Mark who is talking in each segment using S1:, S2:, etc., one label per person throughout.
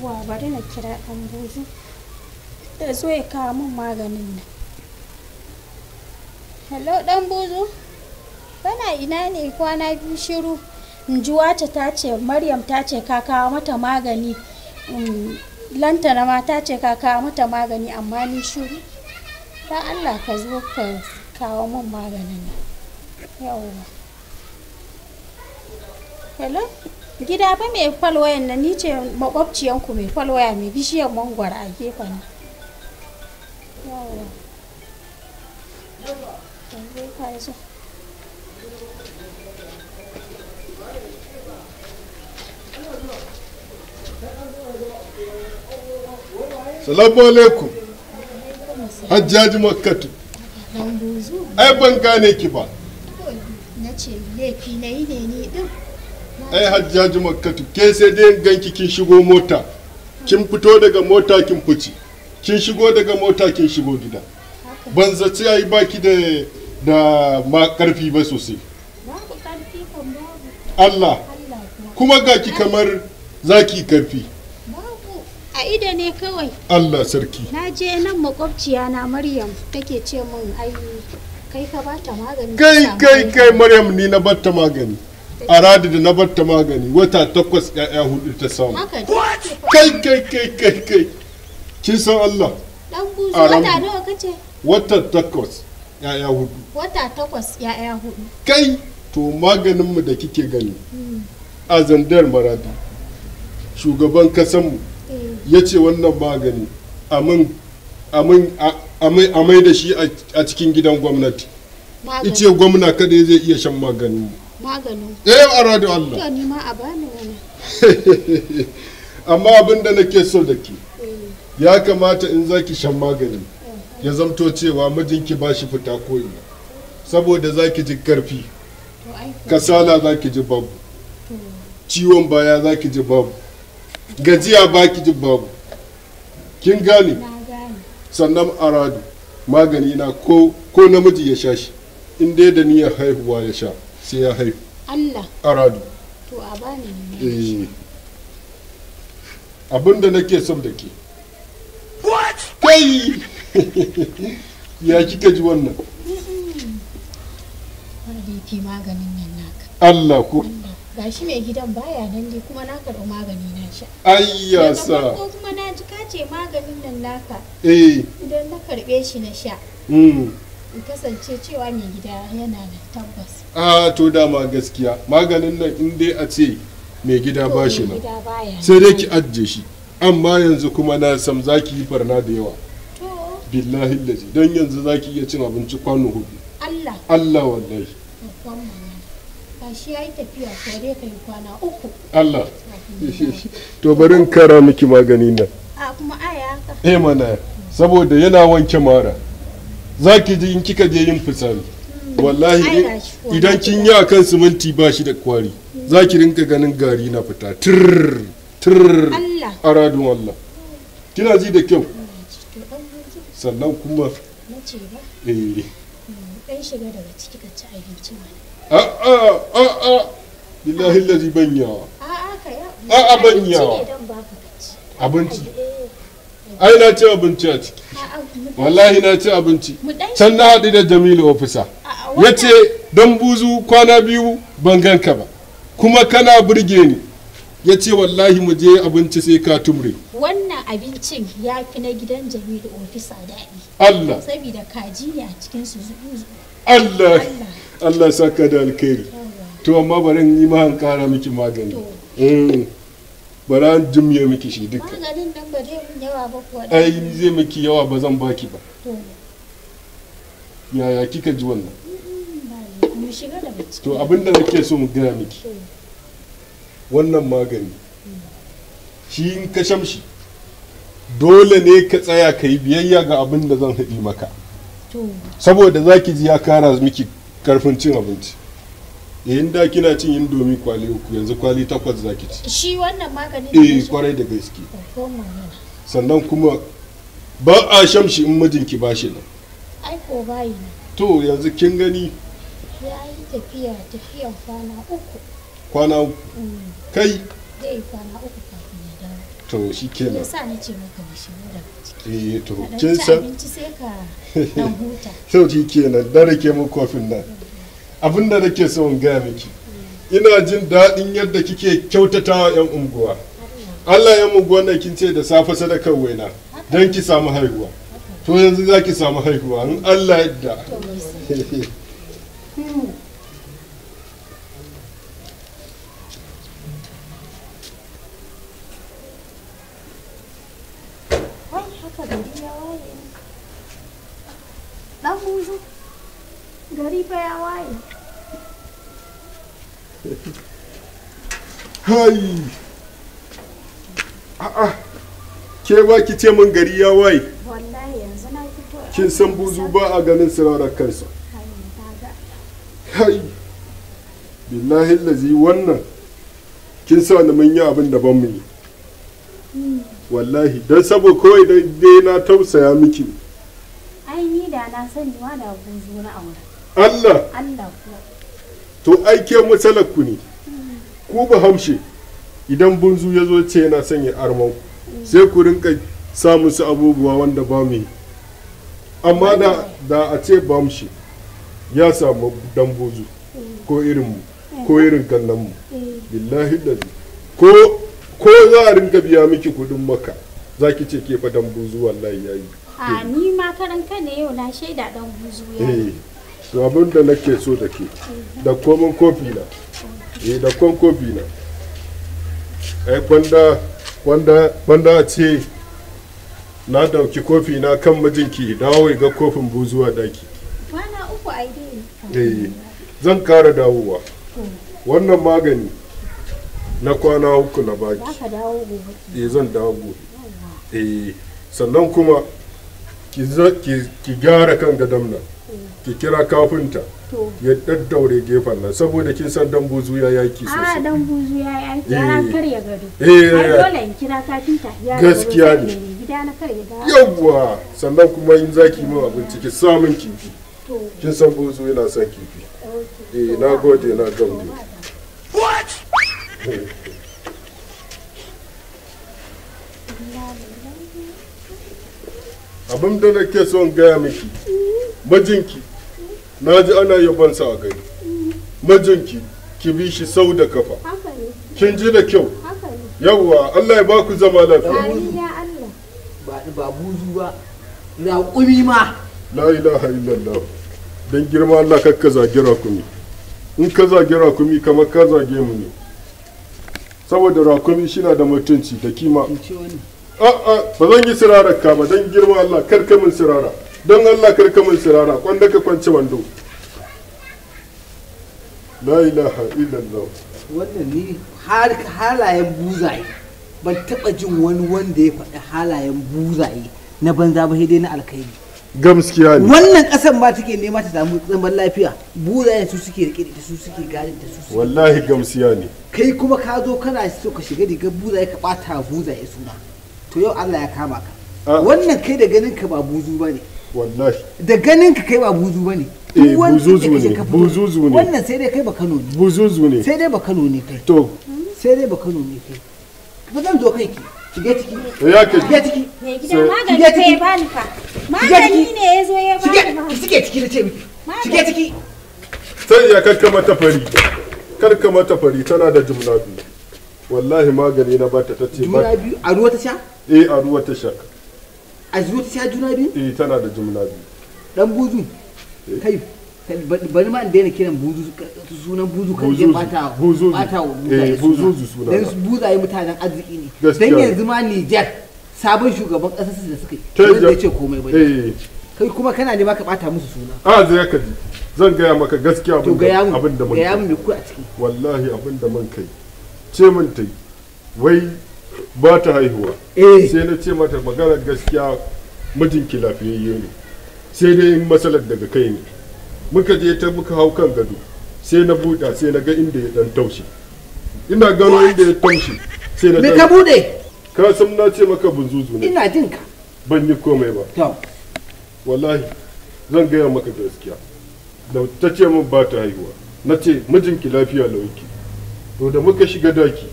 S1: yawwa bari na kira ɗan buzu ya zo ya kawo min maganin nan hello ɗan buzu bana ina ne kwana biyu shiru in ji wata ta ce maryam ta ce ka kawo mata magani lantana ma ta ce ka kawo mata magani amma ni shiru ta allah ka zo ka kawo min maganin nan yawwa hello gida ba mai falwayan na ni ce makwabciyanku mai falwaya mai bishiyar mangwara a gefen
S2: salamu alaikum
S3: hajjaji makkatu ai ban gane ki ba
S1: na ce laifi na yi ne ni ai
S3: hajjaji makkatu ke sai dai ganki kin shigo mota kin fito daga mota kin fice kin shigo daga mota kin shigo gida ban zaci ai baki da da ma karfi ba sosai Allah
S1: kuma ga ki kamar
S3: zaki karfi
S1: a ida ne kawai
S3: Allah sarki
S1: na je nan makwabciya na Maryam take ce mun ai kai ka bata magani kai kai kai Maryam
S3: ni na bata magani a radi da na barta magani wata takwas ya'ya hudu ta samu kai kai kai kai kai kin san Allah a ramu wata takwas ya'ya hudu
S1: wata takwas ya'ya hudu
S3: kai to maganinmu da kike gani hmm. a zandar maradi shugaban kasanmu eh. ya ce wannan magani amai da shi a cikin gidan gwamnati ice gwamna kada zai iya shan maganinmu amma abin da nake so da ke ya kamata in zaki shan magani ya zamto cewa mijinki ba shi fita koyi saboda zaki ji karfi kasala zaki ji babu ciwon baya zaki ji babu gajiya baki ji babu kin gane sannan aradu magani na ko namiji ya sha shi in dai da niyyar haihuwa ya sha sai ya haihu Allah aradu to a bani eh abinda nake son da ke
S1: what kai
S3: ya kika ji wannan
S1: wanda yake maganin nan naka Allah ko ga shi mai gidan baya nan dai kuma na karɓi magani na sha ayya sa ko kuma na ji kace maganin nan naka eh idan na karɓe shi na sha
S3: mm.
S1: kasance cewa mai gida yana da tabbas
S3: a to dama gaskiya maganin nan in dai a ce mai gida ba shi nan sai dai ki ajiye shi amma yanzu kuma na sam za ki yi farna da yawa billahi lazi don yanzu za ki iya cin abinci kwano hudu allah allah wallahi
S1: shi ya yi tafiya ko ka yi kwana uku
S3: allah to bari in kara miki magani nan
S1: a kuma aya
S3: haka eh mana saboda yana wanke mara za ki ji in kika je yin fitsari
S1: hmm. wallahi
S3: idan kin yi a kan siminti ba shi da kwari hmm. za ki rinka ganin gari na fita tirr a radun Allah kina ji da kyau hmm. sannan kuma eh.
S1: shiga daga ciki ci abinci
S3: a a a a lillahi lazi banyawa
S1: a a banyawa
S3: abinci ai na ci abinci a ciki wallahi na ci abinci can na haɗu da jamilu ofisa ya ce don buzu kwana biyu ban ganka ba kuma kana burge ni ya ce wallahi mu je abinci sai ka tumre
S1: wannan abincin ya fi na gidan jamilu ofisa daɗi allah saboda kaji ne a cikin su
S3: allah allah saka da alkhairi to amma bari yi mahan kara miki magani mm. bara jim ya miki shi dukkan
S1: maganin nan ba zai yawa ba ai
S3: zai miki yawa ba zan baki ba yaya kika ji wannan to abinda nake so mu gina miki wannan magani mm. shi in ka shamshi dole ne ka tsaya ka yi biyayya ga abin da zan haɗi maka saboda za ki ji ya kara miki karfin cin abinci in da kina cin yin domi kwali uku yanzu kwali takwas za ki ci
S1: shi wannan magani eh
S3: kwarai da gaske sannan kuma ba a shamshi in mijinki ba shi nan
S1: ai ko bayi nan
S3: to yanzu kin gani
S1: ya yi tafiya tafiya kwana uku kwana uku mm. kai dai kwana uku kafin ya
S3: dawo to shi kenan yasa
S1: ni ce maka ba shi da
S3: eh to kin san abinci sai ka dan huta to shi kenan dare ke mu kofin nan mm. abin da nake so in gaya miki ina jin daɗin yadda kike kyautatawa wa 'yan unguwa allah ya unguwa na kin ce da safe sadakar waina don ki samu haihuwa to yanzu za ki samu haihuwa in allah yadda
S1: gari fa ya waye
S3: hai a'a ah, ah. ke ba ki ce mun gari ya waye
S1: wallahi yanzu na
S3: fito kin san buzu ba a ganin sirarar kansa hai billahi lazi wannan kin sa ni mun yi abin da ban mu yi hmm. wallahi dan sabo kawai dai na tausaya miki
S1: ai ni da na sani wa da buzu na aure Allah Allah
S3: to aike matsalar ku ne ku ba hamshe idan bunzu ya zo ce yana sanya armau sai ku rinka samun su abubuwa wanda ba mu yi amma da a ce ba shi ya samu dan buzu ko irin mu ko irin mu billahi da ko ko za a rinka biya miki kudin maka za ki ce ke fa dan buzu wallahi yayi
S1: a ni ma karanka ne yau na shaida dan buzu yayi
S3: eh. to abin da nake so da ke da komin kofi na eh da kon kofi na ai kwanda kwanda kwanda ce na dauki kofi na kan mijinki dawo ga kofin buzuwa daki
S1: kwana uku a eh
S3: zan kara dawowa wannan magani na kwana uku na baki eh zan dawo gobe eh sannan kuma ki gyara kan gadon nan ki kira kafinta ya daddaure gefen nan saboda kin san dan buzu ya yaki ah,
S1: sosai a dan buzu ya yaki ya karya gado eh, eh. dole in kira kafinta ya gaskiya ne gida na karya gado yawwa
S3: sannan kuma in zaki mu abinci ki samun kifi kin san buzu yana son kifi eh na gode na gode what abin da nake son gaya miki majinki na ji ana sa a gari majinki ki bi shi sau da kafa
S1: kin ji da kyau
S3: yawwa Allah ya baku zama lafiya ba buzu ba raƙumi ma la ilaha illallah don girma Allah gira ku rakumi in ka ku rakumi kamar ka zage mu ne saboda rakumi shi na da mutunci da kima a'a ba zan yi sirarar ka ba don girma Allah kar ka min sirara don allah karka mun sirara kwanda ka kwance wando la ilaha illallah wannan ni har halayen buzaye
S2: ban taba jin wani wanda ya faɗi halayen buzaye na banza ba dai na alkhairi
S3: gamskiya ne
S2: wannan kasan ba take nema ta samu zaman lafiya buzaye su suke rike da su suke gadin da su wallahi
S3: gamskiya ne
S2: kai kuma ka zo kana so ka shiga diga buzaye ka bata buzaye suna to yau Allah ya kama ka wannan kai da ganin ka ba buzu bane wallahi da ganin ka kai ba buzu ba ne. Eh, buzuzu ne buzuzu ne wannan sai dai kai ba Kano ne buzuzu ne sai dai ba Kano ne kai to sai dai ba Kano ne kai ba zan zo kai ki shige ciki ya ke shige ciki me gidan magani ne ya bani fa magani ne ya zo ya bani shige ciki na ce miki shige ciki
S3: sai ya karka mata fari karka mata fari tana da jumla biyu wallahi magani na bata ta ce ba jumla biyu a ruwa ta sha eh a ruwa ta sha a zuciya juna biyu? eh tana
S2: da juna biyu dan buzu eh. kai bari ma daina kiran buzu sunan buzu kan je bata bata eh, buzu suna dan buzaye mutanen arziki
S3: ne dan yanzu
S2: ma Niger sabon shugaban kasar da suka yi wanda ya
S3: ce komai ba eh.
S2: kai kuma kana ne ma ka bata musu suna
S3: a ah, zai ka ji zan gaya maka gaskiya abin da abin da mun gaya mun me ku a ciki wallahi abin da mun kai ce mun tai wai ba ta haihuwa eh. sai na ce mata magana gaskiya mijinki lafiyayye ne sai dai in matsalar daga kai ne muka je ta muka hau kan gado sai na buɗa sai na ga inda ya dan taushe ina gano inda ya taushe sai na ka bude ka san na ce maka zuzu ne ina jin ka ban yi komai ba to wallahi zan gaya maka gaskiya da ta ce min ba ta haihuwa na ce mijinki lafiya lauki to da muka shiga daki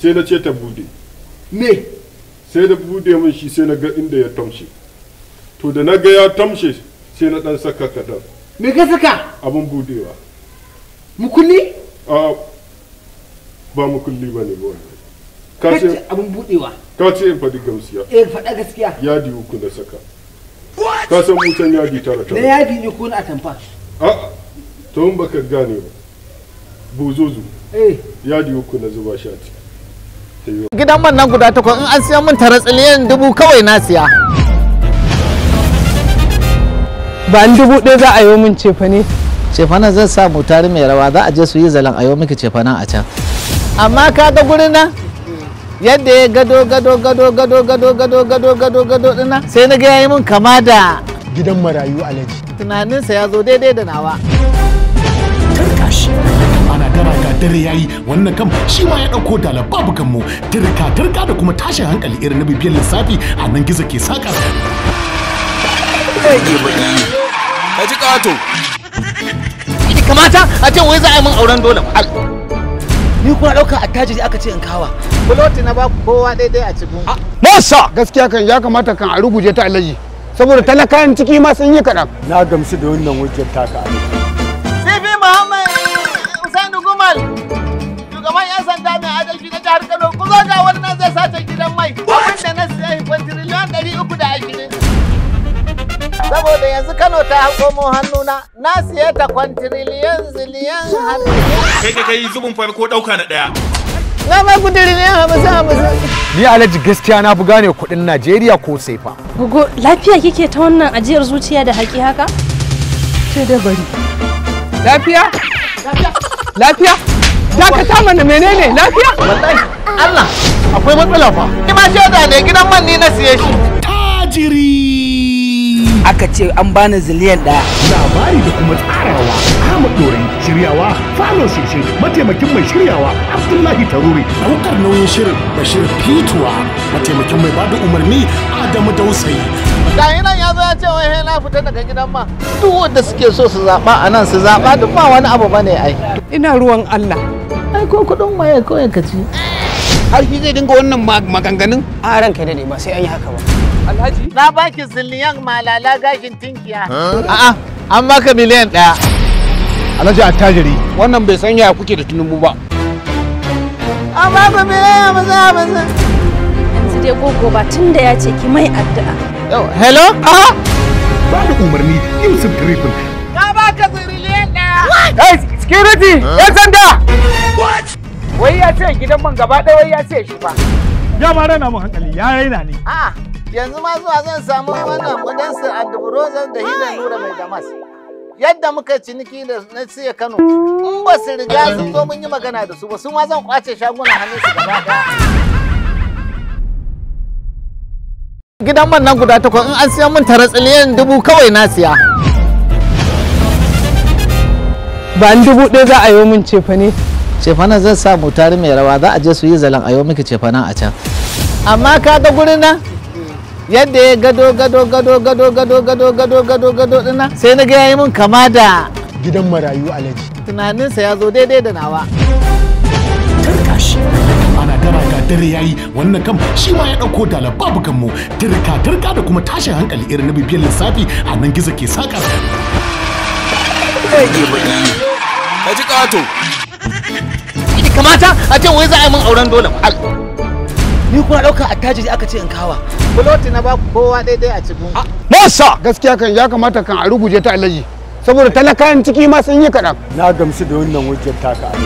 S3: sai na ce ta bude ne. sai da bude min shi sai na ga inda ya tamshe to da na ga ya tamshe sai na dan saka kadan me ka saka abin budewa mukulli a ba mukulli ba ne ba ka ce abin budewa ka ce in faɗi gamsiya eh faɗa gaskiya di uku da saka ka san mutan di tara tara na
S2: di ne ko na atamfa
S3: a to in baka gane ba buzuzu eh di uku na zuba shati. gidan man
S4: nan guda takwas in an siya min tara tsiliyan dubu kawai na siya ba an dubu ɗaya za a yi min cefane Cefana zan sa mutari mai rawa za a je su yi zalan a yi miki cefana a can amma ka ga gurin nan yadda ya gado gado gado gado gado gado gado gado gado dina sai na ga yayi min kama da gidan marayu alaji tunaninsa ya zo daidai da nawa
S2: dare yayi wannan kam shi ma ya ɗauko dala babu kanmu turka turka da kuma tashin hankali irin na bibiyar lissafi a nan gizo ke saka ka ji kato
S4: kamata a ce wai za a yi min auren dole ni kuma ɗauka aka ce in kawa buloti na ba kowa daidai a cikin ah, masa gaskiya kan ya kamata kan a rubuce ta alaji saboda talakayan
S2: ciki ma sun yi kaɗan na gamsu da wannan wajen taka alaji
S4: saboda yanzu Kano ta hango mu hannuna na siye ta kwantiriyan ziliyan hannu.
S3: Kai kai kai zubin farko ɗauka na ɗaya.
S1: Na ba ku tiriliyan hamsin hamsin.
S4: Ni Alhaji gaskiya na buga gane kuɗin Najeriya ko saifa.
S1: bugo lafiya kike ta wannan ajiyar zuciya da haƙi haka? Ce da bari. Lafiya?
S4: Lafiya? Dakata mana menene lafiya? Wallahi Allah akwai matsala fa. Ni ma shaida ne gidan man ni na siye shi.
S3: Tajiri.
S2: aka ce an bani ziliyan ɗaya. Labari da kuma tsarawa kama Dorai shiryawa Falo Shishi mataimakin mai shiryawa Abdullahi Taruri ɗaukar nauyin shirin Bashir Fituwa mataimakin mai bada umarni Adamu Dausayi.
S4: yi nan ya zo ya ce wai na fita daga gidan ma duk wanda suke so su zaɓa a nan su zaɓa duk ba wani abu ba ne ai. Ina ruwan Allah. Ai ko kuɗin maye kawai ka ci. Har shi zai dinga wannan maganganun? A ranka ne ba sai an yi haka ba. Alhaji? Na baki zilliyan malala gashin tinkiya. A'a, an maka miliyan ɗaya. Alhaji attajiri, wannan bai san yaya kuke da tunubu ba.
S1: An baka miliyan ba za ba Yanzu dai gogo ba tun da ya ce ki mai addu'a. Yau, hello? A'a.
S2: Ba da umarni Yusuf Trifin.
S1: Na baka zilliyan ɗaya. Hey, security,
S4: yan sanda. What? Wai ya ce gidan man gaba ɗaya wai ya ce shi ba.
S2: Ya ma rana mu hankali, ya raina ne.
S4: A'a. yanzu ma zuwa zan samu wannan wadansu zan da hidda nura mai damas yadda muka ciniki da na siya kano in ba su riga sun zo mun yi magana da su ba sun ma zan kwace shagunan hannun su gaba gidan man nan guda takwas in an siya min tara tsiliyan dubu kawai na siya ba an dubu ɗaya za a yi min cefane cefanen zan sa mutari mai rawa za a je su yi zalan a yi miki cefanen a can amma ka ga gurin nan yadda ya gado gado gado gado gado gado gado gado gado dina sai na ga yayi mun kama da gidan marayu alaji tunaninsa ya zo daidai da nawa
S2: tarka shi ana dara
S3: ga dare yayi wannan
S2: kam shi ma ya dauko da babu kanmu turka turka da kuma tashin hankali irin na bibiyar lissafi a nan gizo ke saka ka ji kato
S4: kamata a ce wai za a yi mun auren dole ni kuna ɗauka tajiri aka ce in kawa buloti na ba kowa daidai a cikin ah, masa gaskiya kan ya kamata kan a rubuje ta alaji saboda talakayan ciki ma sun yi kaɗan na gamsu da wannan wajen taka a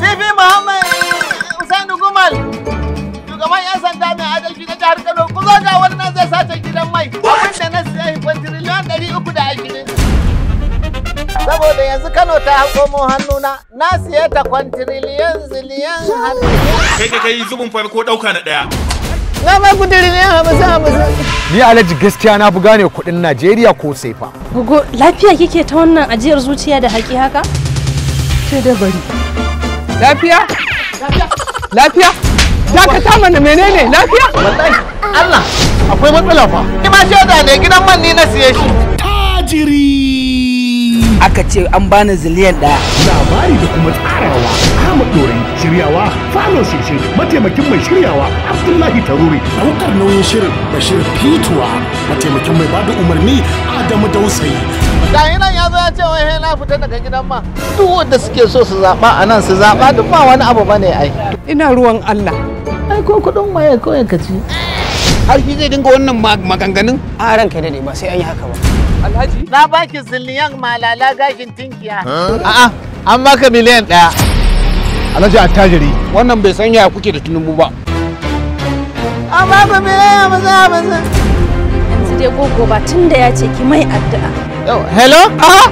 S4: sifi muhammad usainu gumal shugaban yan sanda mai adalci na jihar kano ku zo ga wannan zai sace gidan mai saboda yanzu Kano ta mu hannuna na siye ta kwantiriliyan ziliyan hannu.
S3: Kai ka kai zubin farko ɗauka na
S2: ɗaya.
S1: Na ba ku tiriliyan hamsin hamsin.
S4: Ni Alhaji gaskiya na fi gane kuɗin Najeriya
S2: ko fa.
S1: Gogo lafiya kike ta wannan ajiyar zuciya da haƙi haka? Ce da bari. Lafiya? Lafiya? Dakata mana
S4: menene lafiya? Wallahi Allah akwai matsala fa. Ni ma shaida ne gidan man ni na siye
S2: shi. Tajiri. aka ce an bani ziliyan ɗaya. Labari da kuma tsarawa Ahmad Dorin shiryawa Falo Sheshe mataimakin mai shiryawa Abdullahi Taruri. daukar nauyin shirin Bashir Fituwa mataimakin mai bada umarni Adamu Dausayi.
S4: Gayi nan ya zo ya ce wai na fita daga gidan ma. Duk wanda suke so su zaɓa a nan su zaɓa duk ba wani abu ba ne ai. Ina ruwan Allah. Ai ko kuɗin maye kawai ka ci. Har shi zai dinga wannan maganganun? A ranka da ne ba sai an yi haka ba. Alhaji? Na baki zilliyan malala gashin tinkiya. A'a, an maka miliyan ɗaya. Alhaji attajiri, wannan bai san yaya kuke da tunubu ba.
S1: An baka miliyan ba za a ba Yanzu dai gogo ba tun da ya ce
S2: ki mai addu'a. Hello? A'a.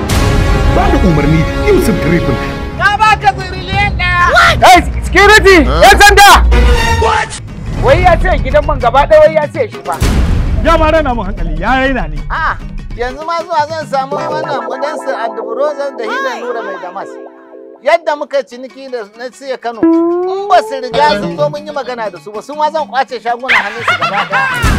S2: Ba da umarni Yusuf Griffin.
S4: Na baka zilliyan
S2: ɗaya. Hey, security! Yan sanda! What?
S4: Wai ya ce gidan man gaba ɗaya wai ya ce shi ba. Ya ma rana mu hankali, ya raina ne. A'a. Ah. yanzu ma zuwa zan samu wannan gudan a and brother da hidan nura mai damas yadda muka ciniki da na siya kano in ba su riga sun zo mun yi magana da su ba sun ma zan
S2: kwace shagunan hannun su gaba daya